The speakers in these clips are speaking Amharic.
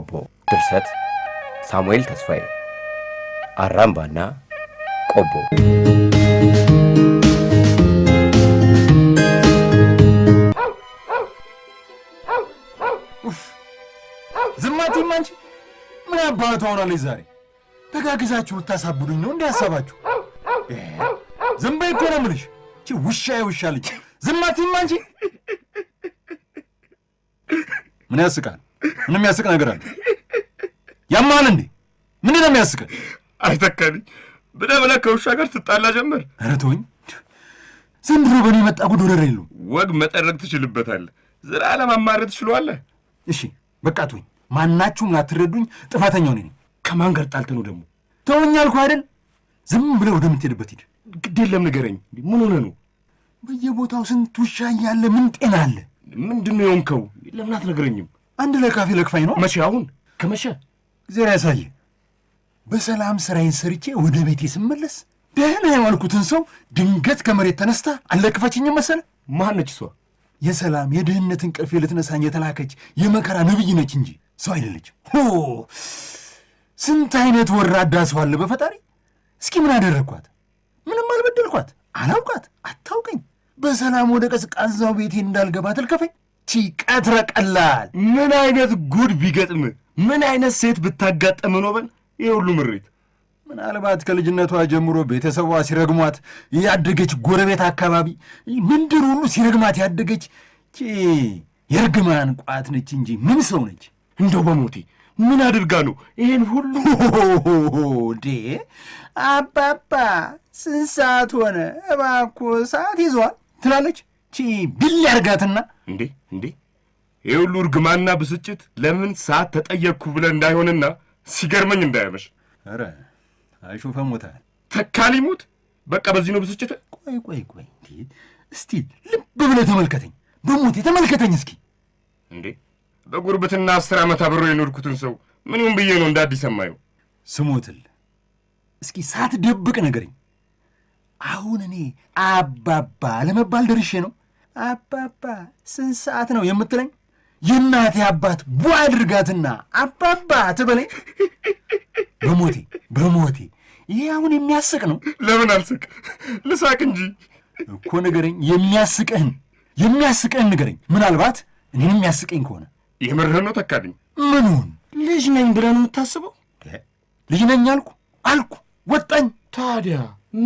ቆቦ ድርሰት ሳሙኤል ተስፋዬ አራምባና ቆቦ ዝማቲ ማንች ምን አባቱ አውራለች ዛሬ ተጋግዛችሁ ልታሳብዱኝ ነው እንዲህ ያሰባችሁ ዝም በይ እኮ ነው የምልሽ ይቺ ውሻ ውሻ ልጅ ዝማቲ አትይም ምን ያስቃል ምንም ያስቅ ነገር አለ ያማል እንዴ? ምንድን ነው የሚያስቀን? አይተካልኝ ብለህ ብለህ ከውሻ ጋር ትጣላ ጀመር። ኧረ ተወኝ ዘንድሮ በእኔ መጣ ጉድ ወደር የለውም። ወግ መጠረግ ትችልበታለህ፣ ዘላለም አማረ ትችለዋለህ። እሺ በቃ ተወኝ። ማናችሁም ላትረዱኝ፣ ጥፋተኛው እኔ ነኝ። ከማን ጋር ጣልተህ ነው ደግሞ? ተወኝ አልኩህ አይደል? ዝም ብለህ ወደምትሄድበት ሂድ። ግድ የለም ንገረኝ። ምን ሆነህ ነው? በየቦታው ስንት ውሻ እያለ ምን ጤና አለ? ምንድን ነው የሆንከው? ለምን አትነግረኝም? አንድ ላይ ለክፋኝ ነው መቼ? አሁን ከመሸ ዘር ያሳየ በሰላም ስራዬን ሰርቼ ወደ ቤቴ ስመለስ ደህና የዋልኩትን ሰው ድንገት ከመሬት ተነስታ አለክፈችኝም መሰለ። ነች እሷ? የሰላም የድህነት እንቅልፍ ልትነሳኝ የተላከች የመከራ ነብይ ነች እንጂ ሰው አይደለችም። ሆ ስንት አይነት ወራዳ ሰው አለ በፈጣሪ። እስኪ ምን አደረግኳት? ምንም አልበደልኳት፣ አላውቃት፣ አታውቀኝ። በሰላም ወደ ቀዝቃዛው ቤቴ እንዳልገባ ትልከፈኝ ቺ ቀትረ ቀላል ምን አይነት ጉድ ቢገጥም ምን አይነት ሴት ብታጋጠም ነው በል ይህ ሁሉ ምሬት? ምናልባት ከልጅነቷ ጀምሮ ቤተሰቧ ሲረግሟት ያደገች ጎረቤት አካባቢ ምንድር ሁሉ ሲረግማት ያደገች የእርግማን ቋት ነች እንጂ ምን ሰው ነች? እንደው በሞቴ ምን አድርጋ ነው ይህን ሁሉ ዴ አባባ ስንት ሰዓት ሆነ እባክዎ ሰዓት ይዟል ትላለች ቺ ቢል ያርጋትና እንዴ እንዴ ይህ ሁሉ እርግማና ብስጭት ለምን ሰዓት ተጠየቅኩ ብለን እንዳይሆንና ሲገርመኝ እንዳያመሽ። ኧረ አይሾፈ ሞታል? ተካሊ ሞት በቃ በዚህ ነው ብስጭት። ቆይ ቆይ ቆይ እስቲ ልብ ብለህ ተመልከተኝ፣ በሞቴ ተመልከተኝ እስኪ። እንዴ በጉርብትና አስር ዓመት አብሮ የኖርኩትን ሰው ምንም ብዬ ነው እንደ አዲስ ሰማዩ ስሞትል። እስኪ ደብቅ ነገርኝ? አሁን እኔ አባባ ለመባል ደርሼ ነው። አባባ ስንት ሰዓት ነው የምትለኝ? የእናቴ አባት ቧ አድርጋትና አባባ ትበለኝ። በሞቴ በሞቴ ይሄ አሁን የሚያስቅ ነው። ለምን አልስቅ? ልሳቅ እንጂ እኮ ንገረኝ። የሚያስቅህን የሚያስቅህን ንገረኝ። ምናልባት እኔን የሚያስቀኝ ከሆነ የምርህን ነው። ተካልኝ። ምኑን ልጅ ነኝ ብለህ ነው የምታስበው? ልጅ ነኝ አልኩ አልኩ ወጣኝ። ታዲያ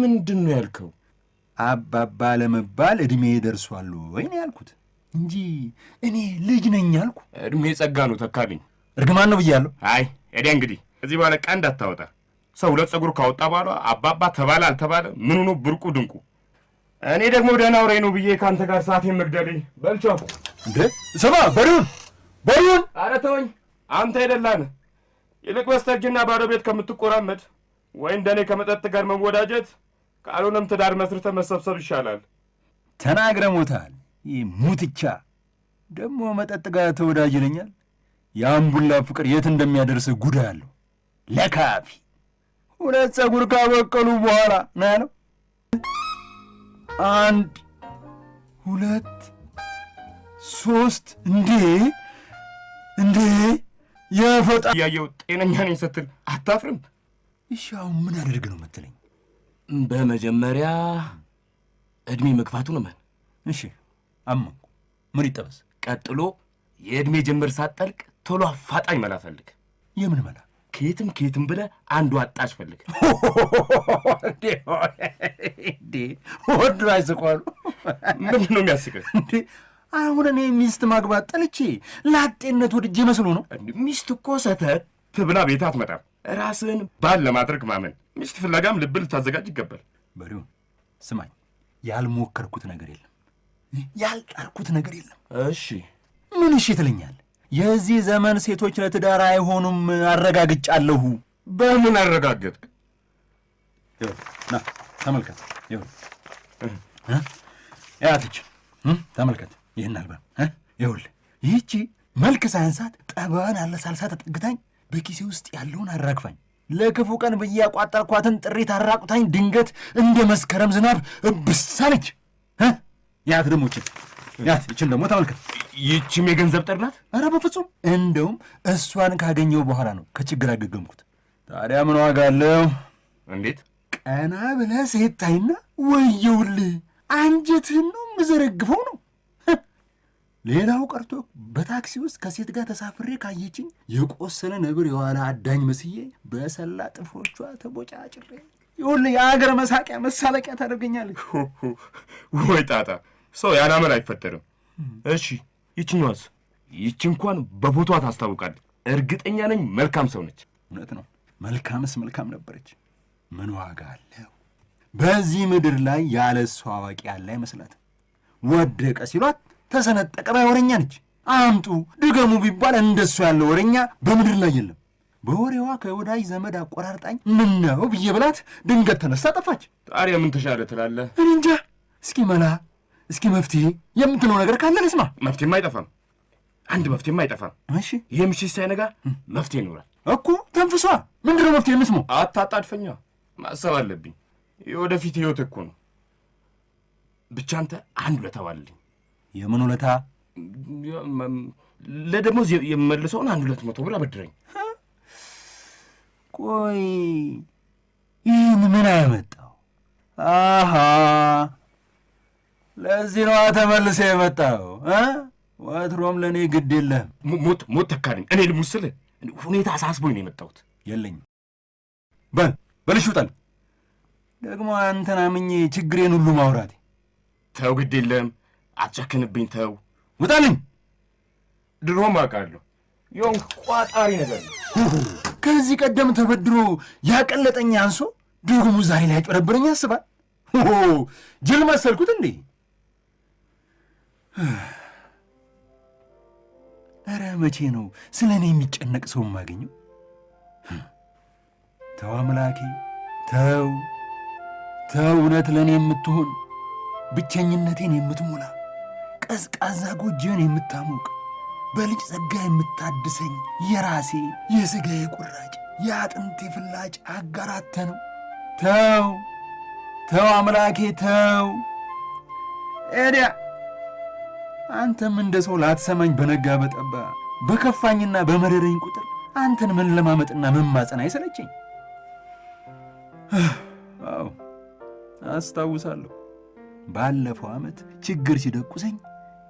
ምንድን ነው ያልከው? አባባ ለመባል ዕድሜ ደርሷል ወይ ነው ያልኩት። እንጂ እኔ ልጅ ነኝ አልኩ። እድሜ ጸጋ ነው ተካልኝ። እርግማን ነው ብያለሁ። አይ እኔ እንግዲህ እዚህ በኋላ ቀን እንዳታወጣ። ሰው ሁለት ጸጉር ካወጣ በኋላ አባባ ተባለ አልተባለ ምኑ ነው ብርቁ ድንቁ። እኔ ደግሞ ደህና አውሬ ነው ብዬ ከአንተ ጋር ሰዓት መግደሌ በልቸው። እንዴ። ስማ በሪሁን በሪሁን፣ ኧረ ተወኝ አንተ አይደላነ። ይልቅ በስተርጅና ባዶ ቤት ከምትቆራመድ ወይ እንደኔ ከመጠጥ ጋር መወዳጀት ካልሆነም ትዳር መስርተ መሰብሰብ ይሻላል። ተናግረ ሞታል ይህ ሙትቻ ደግሞ መጠጥ ጋር ተወዳጅ ይለኛል። የአምቡላ ፍቅር የት እንደሚያደርስ ጉዳ አለው። ለካፊ ሁለት ጸጉር ካበቀሉ በኋላ ነው ያለው። አንድ ሁለት ሶስት። እንዴ እንዴ! የፈጣ ያየው ጤነኛ ነኝ ስትል አታፍርም? እሺ አሁን ምን አደርግ ነው ምትለኝ? በመጀመሪያ እድሜ መግፋቱ ነው። እሺ አመንኩ። ምን ይጠበስ? ቀጥሎ የእድሜ ጀምር ሳትጠልቅ ቶሎ አፋጣኝ መላ ፈልግ። የምን መላ? ከየትም ከየትም ብለ አንዱ አጣጭ ፈልግ። እንዴ ወዱ አይስቋሉ። ምንድን ነው የሚያስቀ እንዴ አሁን እኔ ሚስት ማግባት ጠልቼ ላጤነት ወድጄ መስሎ ነው። ሚስት እኮ ሰተት ብላ ቤት አትመጣም። ራስን ባል ለማድረግ ማመን፣ ሚስት ፍለጋም ልብ ልታዘጋጅ ይገባል። በሪሁን ስማኝ፣ ያልሞከርኩት ነገር የለም ያልጣርኩት ነገር የለም። እሺ ምን እሺ ትለኛል? የዚህ ዘመን ሴቶች ለትዳር አይሆኑም አረጋግጫለሁ። በምን አረጋገጥክ? ና ተመልከት፣ ያትች ተመልከት፣ ይህን አልበ ይኸውልህ። ይህቺ መልክ ሳያንሳት ጠባን ሳልሳ ተጠግታኝ በኪሴ ውስጥ ያለውን አራግፋኝ ለክፉ ቀን ብዬ ያቋጠርኳትን ጥሪት አራቁታኝ ድንገት እንደ መስከረም ዝናብ እብሳለች። ያት ደግሞ ይችን ያት ይችን ደግሞ ተመልከት። ይችም የገንዘብ ጠር ናት። ኧረ በፍጹም እንደውም እሷን ካገኘው በኋላ ነው ከችግር አገገምኩት። ታዲያ ምን ዋጋ አለው? እንዴት ቀና ብለህ ሴታይና ወየውልህ አንጀትህን ነው የምዘረግፈው ነው። ሌላው ቀርቶ በታክሲ ውስጥ ከሴት ጋር ተሳፍሬ ካየችኝ የቆሰለ ነብር የኋላ አዳኝ መስዬ በሰላ ጥፍሮቿ ተቦጫጭሬ ይሁን የአገር መሳቂያ መሳለቂያ ታደርገኛለች ወይ ጣጣ ሰው ያላመን አይፈጠርም። እሺ ይችኛዋስ? ይች እንኳን በፎቷ ታስታውቃለች። እርግጠኛ ነኝ መልካም ሰው ነች። እውነት ነው። መልካምስ መልካም ነበረች። ምን ዋጋ አለው? በዚህ ምድር ላይ ያለ እሷ አዋቂ ያለ አይመስላት። ወደቀ ሲሏት ተሰነጠቀ ባይ ወረኛ ነች። አምጡ ድገሙ ቢባል እንደሱ ያለ ወረኛ በምድር ላይ የለም። በወሬዋ ከወዳጅ ዘመድ አቆራርጣኝ ምን ነው ብዬ ብላት ድንገት ተነስታ ጠፋች። ታዲያ ምን ተሻለ ትላለህ? እንጃ እስኪ መላ እስኪ መፍትሄ የምትለው ነገር ካለ ልስማ። መፍትሄማ አይጠፋም፣ አንድ መፍትሄማ አይጠፋም። እሺ፣ ይሄ ምሽት ሳይነጋ መፍትሄ ይኖራል እኮ። ተንፍሷ። ምንድነው መፍትሄ? ልስሞ አታጣድፈኛ። ማሰብ አለብኝ። የወደፊት ህይወት እኮ ነው። ብቻ አንተ አንድ ውለታ ዋልልኝ። የምን ውለታ? ለደሞዝ የመልሰውን አንድ ሁለት መቶ ብር አበድረኝ። ቆይ ይህን ምን አያመጣው? አሃ ለዚህ ነዋ ተመልሰ የመጣው። ወትሮም ለእኔ ግድ የለህም። ሞት ሞት ተካልኝ። እኔ ልሙት ስልህ ሁኔታ አሳስቦኝ ነው የመጣሁት። የለኝም በል በልሽ ውጣል። ደግሞ አንተን አምኜ ችግሬን ሁሉ ማውራቴ። ተው ግድ የለም አትጨክንብኝ። ተው ውጠልኝ። ድሮም አውቃለሁ የሆንክ ቋጣሪ ነገር ነው። ከዚህ ቀደም ተበድሮ ያቀለጠኝ አንሶ ደግሞ ዛሬ ላይ ያጭበረብረኝ ያስባል። ጅል መሰልኩት እንዴ? እረ መቼ ነው ስለ እኔ የሚጨነቅ ሰው የማገኘው? ተው አምላኬ ተው ተው፣ እውነት ለእኔ የምትሆን ብቸኝነቴን የምትሞላ ቀዝቃዛ ጎጆን የምታሞቅ በልጅ ጸጋ የምታድሰኝ የራሴ የሥጋዬ ቁራጭ የአጥንቴ ፍላጭ አጋራተ ነው። ተው ተው አምላኬ ተው ኤዲያ አንተም እንደ ሰው ላትሰማኝ በነጋ በጠባ በከፋኝና በመረረኝ ቁጥር አንተን መለማመጥና መማፀን አይሰለችኝ። አዎ አስታውሳለሁ። ባለፈው ዓመት ችግር ሲደቁሰኝ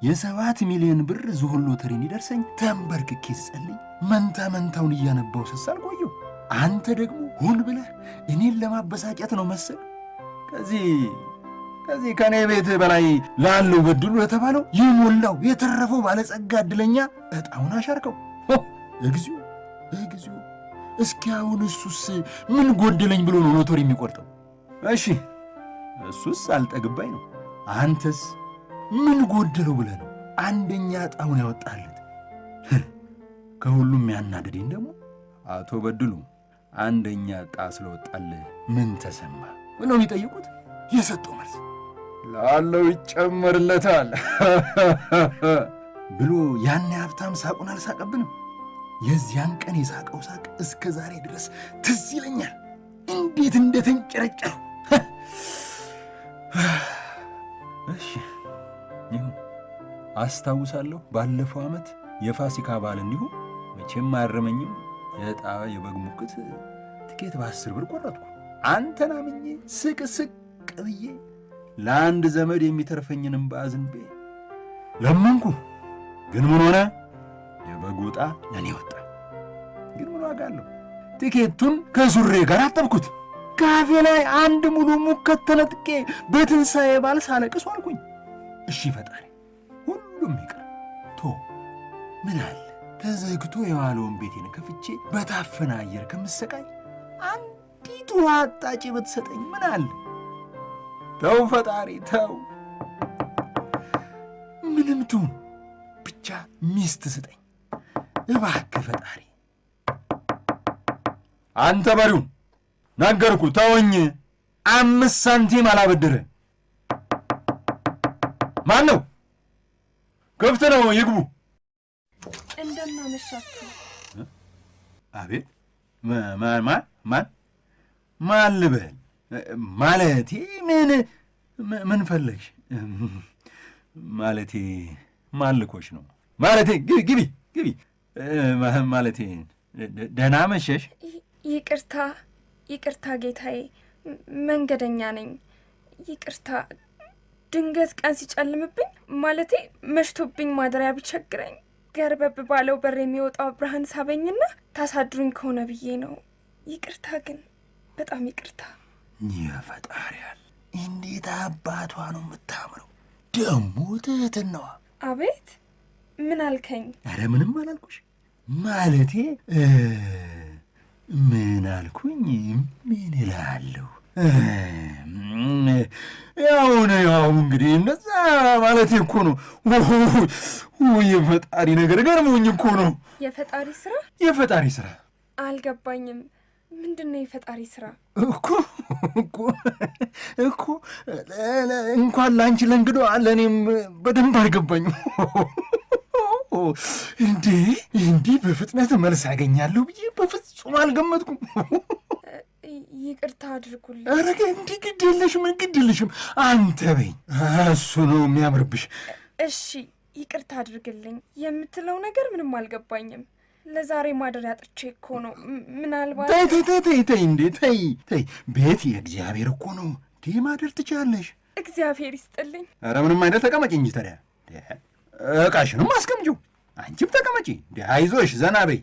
የሰባት ሚሊዮን ብር ዝሆን ሎተሪ እንዲደርሰኝ ተንበርክኬ ስጸልይ መንታ መንታውን እያነባው ስሳል ቆየሁ። አንተ ደግሞ ሁን ብለህ እኔን ለማበሳጨት ነው መሰል ከዚህ ከዚህ ከእኔ ቤት በላይ ላለው በድሉ ለተባለው የሞላው የተረፈው ባለጸጋ እድለኛ ዕጣውን አሻርከው። እግዚኦ እግዚኦ! እስኪ አሁን እሱስ ምን ጎደለኝ ብሎ ነው ሎተሪ የሚቆርጠው? እሺ እሱስ አልጠግባኝ ነው። አንተስ ምን ጎደለው ብለህ ነው አንደኛ ዕጣውን ያወጣለት? ከሁሉም ያናደደኝ ደግሞ አቶ በድሉ አንደኛ ዕጣ ስለወጣልህ ምን ተሰማ ብለው የሚጠይቁት የሰጠው መልስ ላለው ይጨመርለታል ብሎ ያን ሀብታም ሳቁን አልሳቀብንም። የዚያን ቀን የሳቀው ሳቅ እስከ ዛሬ ድረስ ትዝ ይለኛል። እንዴት እንደተንጨረጨረው። እሺ ይሁን፣ አስታውሳለሁ። ባለፈው ዓመት የፋሲካ በዓል እንዲሁ መቼም አያረመኝም። የዕጣ የበግ ሙክት ትኬት በአስር ብር ቆረጥኩ። አንተን አምኜ ስቅ ስቅ ብዬ ለአንድ ዘመድ የሚተርፈኝን እንባ አዝንቤ ለመንኩ። ግን ምን ሆነ? የበግ ወጣ ለእኔ ወጣ። ግን ምን ዋጋ አለው? ትኬቱን ከሱሬ ጋር አጠብኩት። ካፌ ላይ አንድ ሙሉ ሙከት ተነጥቄ በትንሣኤ በዓል ሳለቅስ አልኩኝ። እሺ ፈጣሪ፣ ሁሉም ይቅር ቶ ምን አለ ተዘግቶ የዋለውን ቤቴን ከፍቼ በታፈነ አየር ከምሰቃይ አንዲቱ አጣጭ ብትሰጠኝ ምን አለ ተው ፈጣሪ ተው። ምንም ትሁን ብቻ ሚስት ስጠኝ እባክህ ፈጣሪ። አንተ በሪውን ነገርኩ ተወኝ። አምስት ሳንቲም አላበድርህ። ማን ነው? ክፍት ነው፣ ይግቡ። እንደማመሻችሁ። አቤት። ማን ማን ማን ልበል ማለቴ ምን ምን ፈለግሽ? ማለቴ ማልኮች ነው ማለቴ። ግቢ ግቢ ማለቴ። ደህና መሸሽ። ይቅርታ ይቅርታ ጌታዬ፣ መንገደኛ ነኝ። ይቅርታ ድንገት ቀን ሲጨልምብኝ ማለቴ መሽቶብኝ ማደሪያ ቢቸግረኝ ገርበብ ባለው በር የሚወጣው ብርሃን ሳበኝና ታሳድሩኝ ከሆነ ብዬ ነው። ይቅርታ ግን በጣም ይቅርታ። የፈጣሪያል እንዴት አባቷ ነው የምታምረው! ደሞ ትህትናዋ አቤት። ምን አልከኝ? አረ ምንም አላልኩሽ። ማለቴ ምን አልኩኝ? ምን እላለሁ? ያው ነው ያው እንግዲህ እነዛ ማለቴ እኮ ነው። የፈጣሪ ነገር ገርሞኝ እኮ ነው። የፈጣሪ ስራ የፈጣሪ ስራ አልገባኝም። ምንድን ነው የፈጣሪ ስራ እኮ እኮ እኮ እንኳን ለአንቺ ለእንግዶ ለእኔም በደንብ አልገባኝም። እንዴ እንዲህ በፍጥነት መልስ ያገኛለሁ ብዬ በፍጹም አልገመትኩም። ይቅርታ አድርጉልኝ። ኧረ እንዲህ ግድ የለሽም ግድ የለሽም አንተ በይኝ፣ እሱ ነው የሚያምርብሽ። እሺ ይቅርታ አድርግልኝ። የምትለው ነገር ምንም አልገባኝም። ለዛሬ ማደሪያ አጥቼ እኮ ነው። ምናልባት ተይ ተይ ተይ ተይ እንዴ ተይ ተይ፣ ቤት የእግዚአብሔር እኮ ነው። እንዲህ ማደር ትችላለሽ። እግዚአብሔር ይስጥልኝ። ኧረ ምንም አይነት ተቀመጪ እንጂ ታዲያ እቃሽንም አስቀምጪው። አንቺም ተቀመጪ። አይዞሽ፣ ዘና በይ።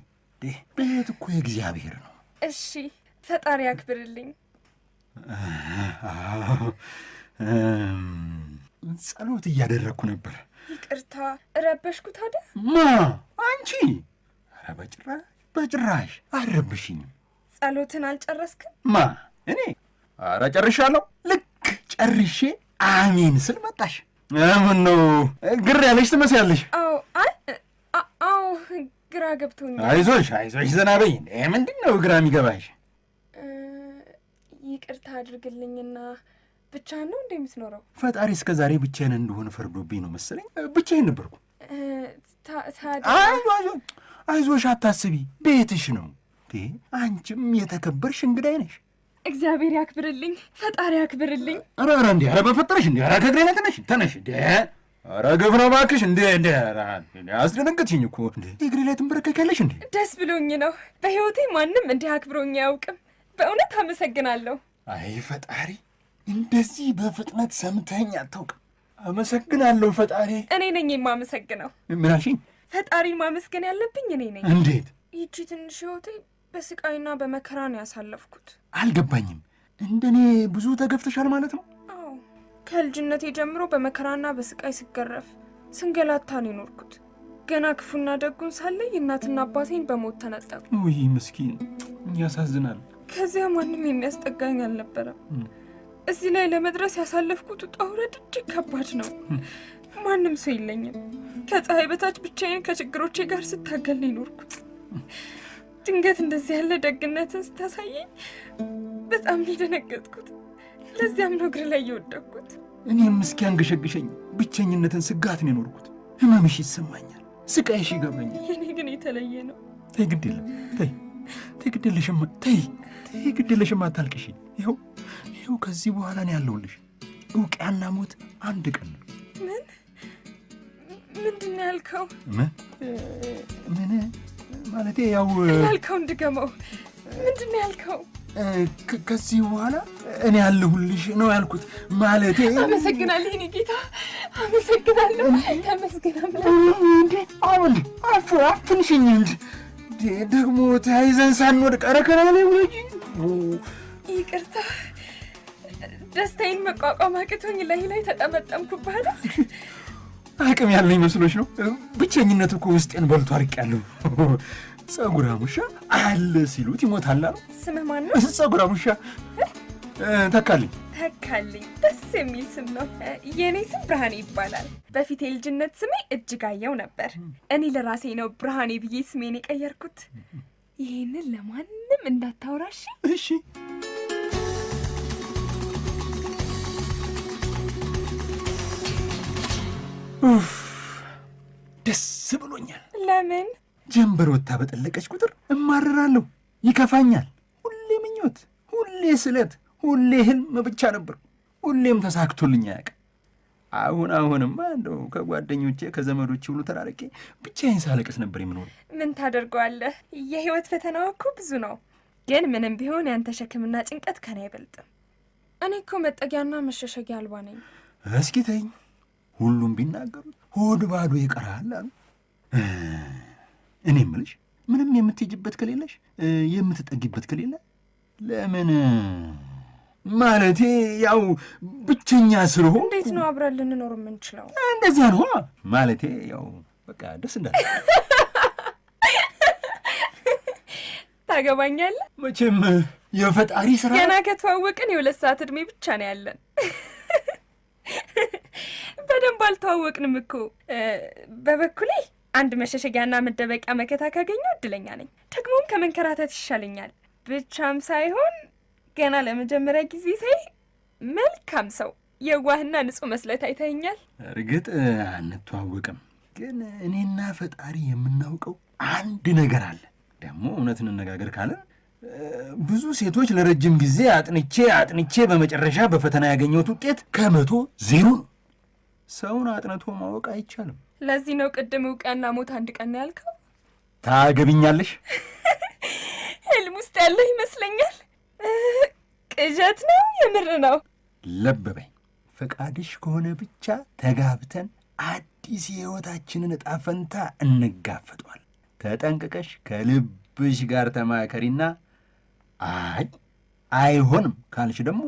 ቤት እኮ የእግዚአብሔር ነው። እሺ፣ ፈጣሪ ያክብርልኝ። ጸሎት እያደረግኩ ነበር። ይቅርታ እረበሽኩ። ታዲያ ማ አንቺ በጭራሽ በጭራሽ አረብሽኝም። ጸሎትን አልጨረስክም? ማ እኔ? አረ ጨርሻለሁ። ልክ ጨርሼ አሜን ስል መጣሽ። ምን ነው ግር ያለሽ ትመስያለሽ። አዎ አዎ፣ ግራ ገብቶኛል። አይዞሽ አይዞሽ፣ ዘና በይ። ምንድን ነው ግራ የሚገባሽ? ይቅርታ አድርግልኝና ብቻ ነው እንደ የምትኖረው? ፈጣሪ እስከ ዛሬ ብቻዬን እንደሆነ ፈርዶብኝ ነው መሰለኝ ብቻዬን ነበርኩ። ታዲያ አይዞሽ አታስቢ፣ ቤትሽ ነው። አንቺም የተከበርሽ እንግዳይ ነሽ። እግዚአብሔር ያክብርልኝ፣ ፈጣሪ ያክብርልኝ። ኧረ ኧረ እንዲ ኧረ በፈጠረሽ እንዲ ኧረ ከእግሬ ነቅነሽ ተነሽ እንዲ ኧረ ግፍ ነው እባክሽ። እንዲ እንዲ አስደነገጥሽኝ እኮ እንዲ እግሬ ላይ ትንበረከኪያለሽ። እንዲ ደስ ብሎኝ ነው። በህይወቴ ማንም እንዲህ አክብሮኝ አያውቅም። በእውነት አመሰግናለሁ። አይ ፈጣሪ እንደዚህ በፍጥነት ሰምተኝ አታውቅም። አመሰግናለሁ ፈጣሪ። እኔ ነኝ የማመሰግነው። ምን አልሽኝ? ፈጣሪ ማመስገን ያለብኝ እኔ ነኝ። እንዴት ይቺ ትንሽ ህይወቴ በስቃይና በመከራ ነው ያሳለፍኩት። አልገባኝም። እንደኔ ብዙ ተገፍተሻል ማለት ነው? አዎ፣ ከልጅነቴ ጀምሮ በመከራና በስቃይ ስገረፍ ስንገላታ ነው የኖርኩት። ገና ክፉና ደጉን ሳለይ እናትና አባቴን በሞት ተነጠቁ። ውይ ምስኪን፣ ያሳዝናል። ከዚያ ማንም የሚያስጠጋኝ አልነበረም። እዚህ ላይ ለመድረስ ያሳለፍኩት ውጣ ውረድ እጅግ ከባድ ነው። ማንም ሰው የለኝም። ከፀሐይ በታች ብቻዬን ከችግሮቼ ጋር ስታገል ነው የኖርኩት። ድንገት እንደዚህ ያለ ደግነትን ስታሳየኝ በጣም የደነገጥኩት፣ ለዚያም ነው እግር ላይ የወደቅኩት። እኔም እስኪ እስኪያንገሸግሸኝ ብቸኝነትን ስጋትን የኖርኩት። ህመምሽ ይሰማኛል፣ ስቃይሽ ይገባኛል። የኔ ግን የተለየ ነው። ተይ ግድ የለም ተይ ተይ፣ ግድ የለሽም ተይ ተይ፣ ግድ አታልቅሽ። ይኸው ይኸው፣ ከዚህ በኋላ ነው ያለውልሽ። እውቅያና ሞት አንድ ቀን ነው። ምንድን ነው ያልከው? ምን ማለቴ ያው ያልከው እንድገመው። ምንድን ነው ያልከው? ከዚህ በኋላ እኔ ያለሁልሽ ነው ያልኩት። ማለቴ አመሰግናለሁ፣ እኔ ጌታ አመሰግናለሁ። ተመስገናለሁ። እንዴ አሁን አፍ እንጂ ደግሞ ተያይዘን ሳንወድቅ ቀረከራ ላይ ወጂ። ይቅርታ ደስታዬን መቋቋም አቅቶኝ ላይ ላይ ተጠመጠምኩ ተጠመጠምኩብህ። አቅም ያለኝ መስሎች ነው። ብቸኝነት እኮ ውስጤን በልቶ አርቅ ያለው ጸጉራም ሙሻ አለ ሲሉት ይሞታል አሉ። ስምህ ማን ነው? ጸጉራም ሙሻ ተካልኝ። ተካልኝ ደስ የሚል ስም ነው። የእኔ ስም ብርሃኔ ይባላል። በፊት የልጅነት ስሜ እጅጋየው ነበር። እኔ ለራሴ ነው ብርሃኔ ብዬ ስሜን የቀየርኩት። ይህንን ለማንም እንዳታወራሽ እሺ? ደስ ብሎኛል። ለምን ጀንበር ወታ በጠለቀች ቁጥር እማረራለሁ ይከፋኛል። ሁሌ ምኞት፣ ሁሌ ስለት፣ ሁሌ ህልም ብቻ ነበር። ሁሌም ተሳክቶልኝ አያውቅም። አሁን አሁንማ እንደው ከጓደኞቼ ከዘመዶች ሁሉ ተራርቄ ብቻዬን ሳለቅስ ነበር የምኖር። ምን ታደርገዋለህ? የህይወት ፈተናው እኮ ብዙ ነው። ግን ምንም ቢሆን ያንተ ሸክምና ጭንቀት ከኔ አይበልጥም። እኔ እኮ መጠጊያና መሸሸጊያ አልባ ነኝ። እስኪ ተይኝ ሁሉም ቢናገሩት ሆድ ባዶ ይቀራል አሉ። እኔ እምልሽ ምንም የምትሄጂበት ከሌለሽ የምትጠጊበት ከሌለ ለምን ማለቴ ያው ብቸኛ ስለሆን እንዴት ነው አብረን ልንኖር የምንችለው? እንደዚያ ነው ማለቴ ያው በቃ ደስ እንዳለ ታገባኛለህ። መቼም የፈጣሪ ስራ ገና ከተዋወቅን የሁለት ሰዓት እድሜ ብቻ ነው ያለን። በደንብ አልተዋወቅንም እኮ። በበኩሌ አንድ መሸሸጊያና መደበቂያ መከታ ካገኘው እድለኛ ነኝ። ደግሞም ከመንከራተት ይሻለኛል። ብቻም ሳይሆን ገና ለመጀመሪያ ጊዜ ሳይ መልካም ሰው የዋህና ንጹህ መስለት ታይተኸኛል። እርግጥ አንተዋወቅም፣ ግን እኔና ፈጣሪ የምናውቀው አንድ ነገር አለ። ደግሞ እውነት እንነጋገር ካለ ብዙ ሴቶች ለረጅም ጊዜ አጥንቼ አጥንቼ በመጨረሻ በፈተና ያገኘሁት ውጤት ከመቶ ዜሮ ነው። ሰውን አጥነቶ ማወቅ አይቻልም። ለዚህ ነው ቅድም እውቅና ሞት አንድ ቀን ያልከው። ታገብኛለሽ? ህልም ውስጥ ያለ ይመስለኛል። ቅዠት ነው? የምር ነው? ለበበኝ። ፈቃድሽ ከሆነ ብቻ ተጋብተን አዲስ የህይወታችንን እጣ ፈንታ እንጋፈጧል። ተጠንቅቀሽ ከልብሽ ጋር ተማከሪና አይ አይሆንም ካልሽ ደግሞ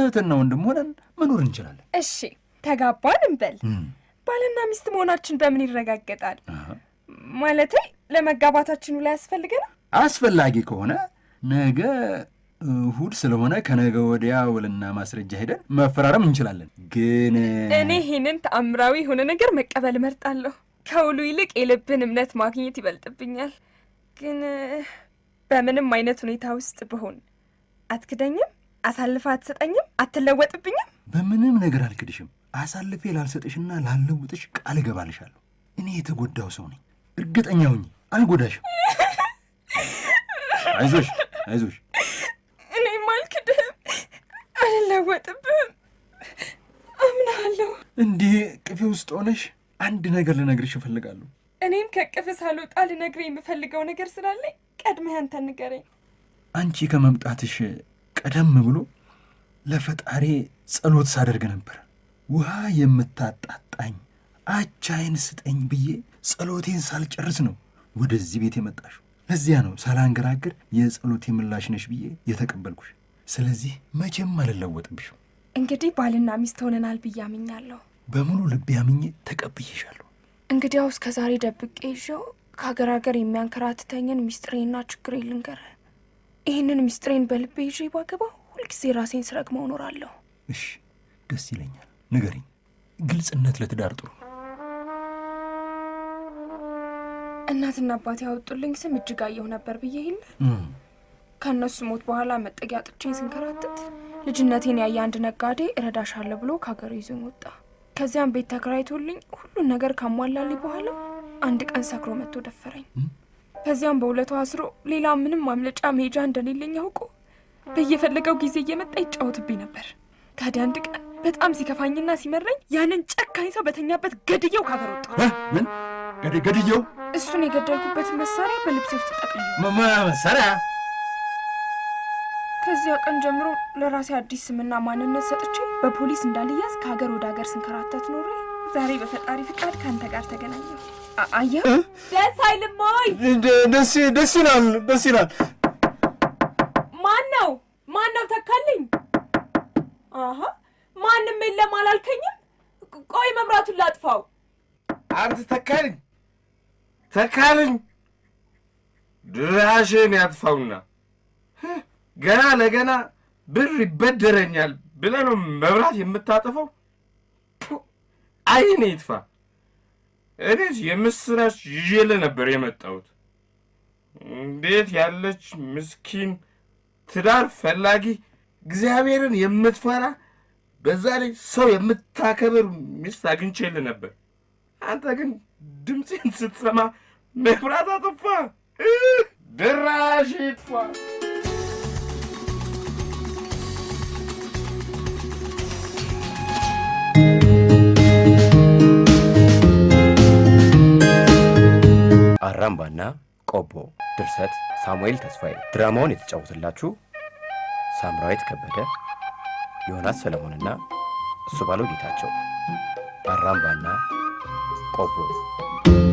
እህትና ወንድም ሆነን መኖር እንችላለን። እሺ ተጋባን እንበል። ባልና ሚስት መሆናችን በምን ይረጋገጣል? ማለቴ ለመጋባታችን ላይ ያስፈልገና አስፈላጊ ከሆነ ነገ እሁድ ስለሆነ ከነገ ወዲያ ውልና ማስረጃ ሄደን መፈራረም እንችላለን። ግን እኔ ይህንን ተአምራዊ የሆነ ነገር መቀበል እመርጣለሁ። ከውሉ ይልቅ የልብን እምነት ማግኘት ይበልጥብኛል። ግን በምንም አይነት ሁኔታ ውስጥ ብሆን አትክደኝም? አሳልፈ አትሰጠኝም? አትለወጥብኝም? በምንም ነገር አልክድሽም። አሳልፌ ላልሰጥሽና ላልለውጥሽ ቃል እገባልሻለሁ። እኔ የተጎዳው ሰው ነኝ። እርግጠኛ ሁኚ፣ አልጎዳሽም። አይዞሽ፣ አይዞሽ። እኔም አልክድህም፣ አልለወጥብህም። አምናለሁ። እንዲህ ቅፌ ውስጥ ሆነሽ አንድ ነገር ልነግርሽ እፈልጋለሁ። እኔም ከቅፍ ሳልወጣ ልነግርህ የምፈልገው ነገር ስላለኝ ቀድመህ አንተ ንገረኝ። አንቺ ከመምጣትሽ ቀደም ብሎ ለፈጣሪ ጸሎት ሳደርግ ነበር። ውሃ የምታጣጣኝ አቻይን ስጠኝ ብዬ ጸሎቴን ሳልጨርስ ነው ወደዚህ ቤት የመጣሽ። ለዚያ ነው ሳላንገራግር የጸሎቴ ምላሽ ነሽ ብዬ የተቀበልኩሽ። ስለዚህ መቼም አልለወጥብሽም። እንግዲህ ባልና ሚስት ሆነናል ብዬ አምኛለሁ። በሙሉ ልቤ አምኜ ተቀብዬሻለሁ። እንግዲያውስ ከዛሬ ደብቄ ይዤው ከሀገር ሀገር የሚያንከራትተኝን ሚስጥሬና ችግሬ ልንገረ ይህንን ምስጢሬን በልቤ ይዤ ባገባ ሁልጊዜ ራሴን ስረግመው እኖራለሁ። እሺ፣ ደስ ይለኛል። ንገሪኝ። ግልጽነት ለትዳር ጥሩ እናትና አባት ያወጡልኝ ስም እጅጋየሁ ነበር ብዬ ይለ ከእነሱ ሞት በኋላ መጠጊያ ጥቼ ስንከራትት ልጅነቴን ያየ አንድ ነጋዴ እረዳሻለሁ ብሎ ከሀገሩ ይዞኝ ወጣ። ከዚያም ቤት ተከራይቶልኝ ሁሉን ነገር ካሟላልኝ በኋላ አንድ ቀን ሰክሮ መጥቶ ደፈረኝ። ከዚያም በሁለቱ አስሮ ሌላ ምንም ማምለጫ መሄጃ እንደሌለኝ አውቆ በየፈለገው ጊዜ እየመጣ ይጫወትብኝ ነበር። ታዲያ አንድ ቀን በጣም ሲከፋኝና ሲመረኝ ያንን ጨካኝ ሰው በተኛበት ገድየው ካፈር ወጣ። ምን ገድየው? እሱን የገደልኩበትን መሳሪያ በልብሴ ውስጥ ጠቅልዬ መሳሪያ። ከዚያ ቀን ጀምሮ ለራሴ አዲስ ስምና ማንነት ሰጥቼ በፖሊስ እንዳልያዝ ከሀገር ወደ ሀገር ስንከራተት ኖሬ ዛሬ በፈጣሪ ፍቃድ ከአንተ ጋር ተገናኘሁ። አየህ፣ ደስ አይልም ወይ? ደስ ይላል፣ ደስ ይላል። ማን ነው ማን ነው? ተካልኝ። አሀ ማንም የለም አላልከኝም? ቆይ መብራቱን ላጥፋው። አንተ ተካልኝ፣ ተካልኝ፣ ድራሽን ያጥፋውና ገና ለገና ብር ይበደረኛል ብለህ ነው መብራት የምታጥፈው? አይኔ ይጥፋ። እኔ የምስራች ይዤለ ነበር የመጣሁት። እንዴት ያለች ምስኪን ትዳር ፈላጊ እግዚአብሔርን የምትፈራ በዛ ላይ ሰው የምታከብር ሚስት አግኝቼልህ ነበር። አንተ ግን ድምፄን ስትሰማ መብራት አጠፋ። ድራሽ ይጥፋ። አራምባና ቆቦ ድርሰት ሳሙኤል ተስፋዬ ድራማውን የተጫወተላችሁ ሳምራዊት ከበደ፣ ዮናስ ሰለሞንና እሱ ባለው ጌታቸው አራምባና ቆቦ